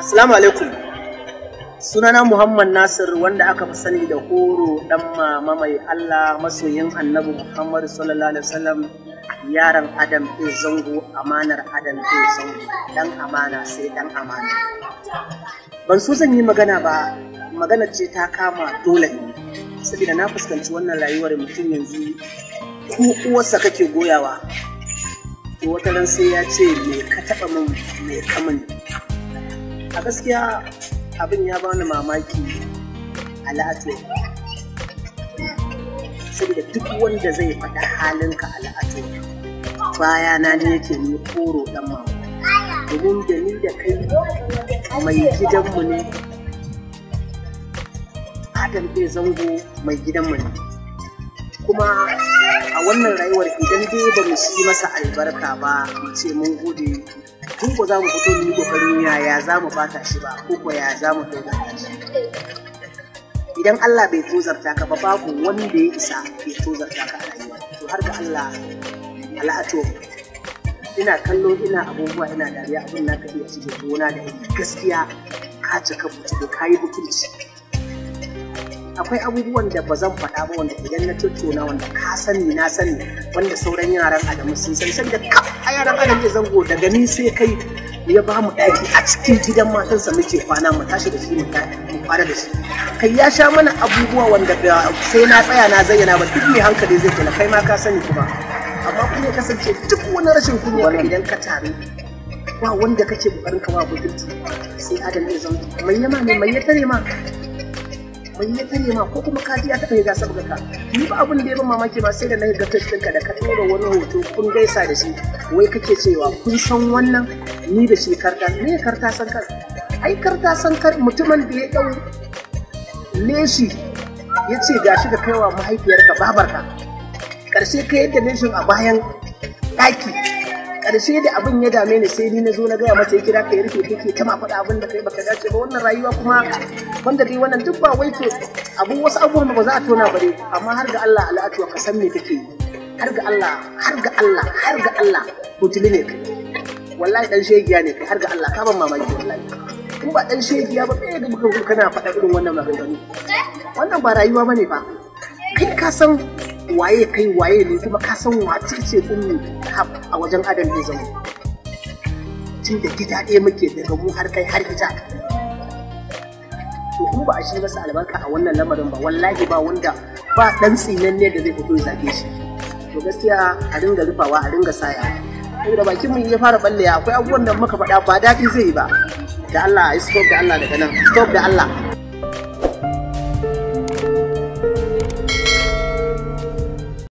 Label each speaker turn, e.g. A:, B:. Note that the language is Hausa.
A: Assalamu alaikum. Sunana Muhammad Nasir wanda aka fi sani da horo dan mama mai Allah masoyin Annabi Muhammad sallallahu alaihi wasallam yaran Adam ke zango amanar Adam ke zango dan amana sai dan amana. Ban so zan yi magana ba magana ce ta kama dole ne saboda na fuskanci wannan rayuwar mutum yanzu ko uwarsa kake goyawa to wata ran sai ya ce me ka taba min me min? a gaskiya abin ya bani mamaki al'atu saboda duk wanda zai faɗa halinka al'atu baya na ne yake ne koro ɗan mama domin da ni da kai mai gidanmu ne adam bai zango mai gidan mu ne kuma a wannan rayuwar idan dai ba mu shi masa albarka ba mu ce mun gode tun ko za mu fito mu yi kokarin ya za mu bata shi ba ko ko ya za mu dogara idan Allah bai tozarta ka ba babu wanda ya isa bai tozarta ka a rayuwa to har ga Allah al'ato ina kallo ina abubuwa ina dariya abin naka iya cikin gona da gaskiya ka cika butu ka yi mutunci. akwai abubuwan da ba zan faɗa ba wanda idan na tattauna wanda ka sani na sani wanda sauran yaran adamu sun san sanda ka a yaran adamu zango daga ni sai kai ya ba mu ɗaki a cikin gidan matansa muke kwana mu tashi da shi mu kwana da shi kai ya sha mana abubuwa wanda sai na tsaya na zayyana ba duk mai hankali zai tana kai ma ka sani kuma amma kun ya kasance duk wani rashin kunya idan ka taru ba wanda kake kokarin kama ba butulci sai adam ya zama mai yama ne mai ya tare ma bai ya tare ko kuma ka ji ya taɓa ya gasa ka ni ba abin da ya ban mamaki ba sai da na ga ka da ka tura wani hoto kun gaisa da shi wai kake cewa kun san wannan ni da shi karta me karta san kar ai karta san kar mutumin da ya dau leshi ya ce gashi da kaiwa mahaifiyarka babarka karshe ka yadda leshin a bayan ɗaki karshe da abin ya dame ni sai ni na zo na gaya masa ya kira ka ya rufe kake ta ma faɗa abin da kai baka dace ba wannan rayuwa kuma wanda dai wannan duk ba wai to abu wasu abubuwan ba za a tona ba dai amma har ga Allah al'atuwa ka san me kake har ga Allah har ga Allah har ga Allah hutuli ne kai wallahi dan shegiya ne kai har ga Allah ka ban mamaki wallahi kuma ba dan shegiya ba kai ga muka kana faɗa irin wannan maganganu wannan ba rayuwa bane ba kai ka san waye kai waye ne kuma ka san wace ce tsumi kaf a wajen adam zai zama tun da gida ɗaya muke daga mu har kai har ita to in ba a shi masa albarka a wannan lamarin ba wallahi ba wanda ba ɗan tsinan ne da zai fito ya zage shi to gaskiya a dinga rufawa a dinga saya da bakin mun ya fara ballaya akwai abubuwan da muka faɗa ba daɗi zai yi ba da Allah stop da Allah daga nan stop da Allah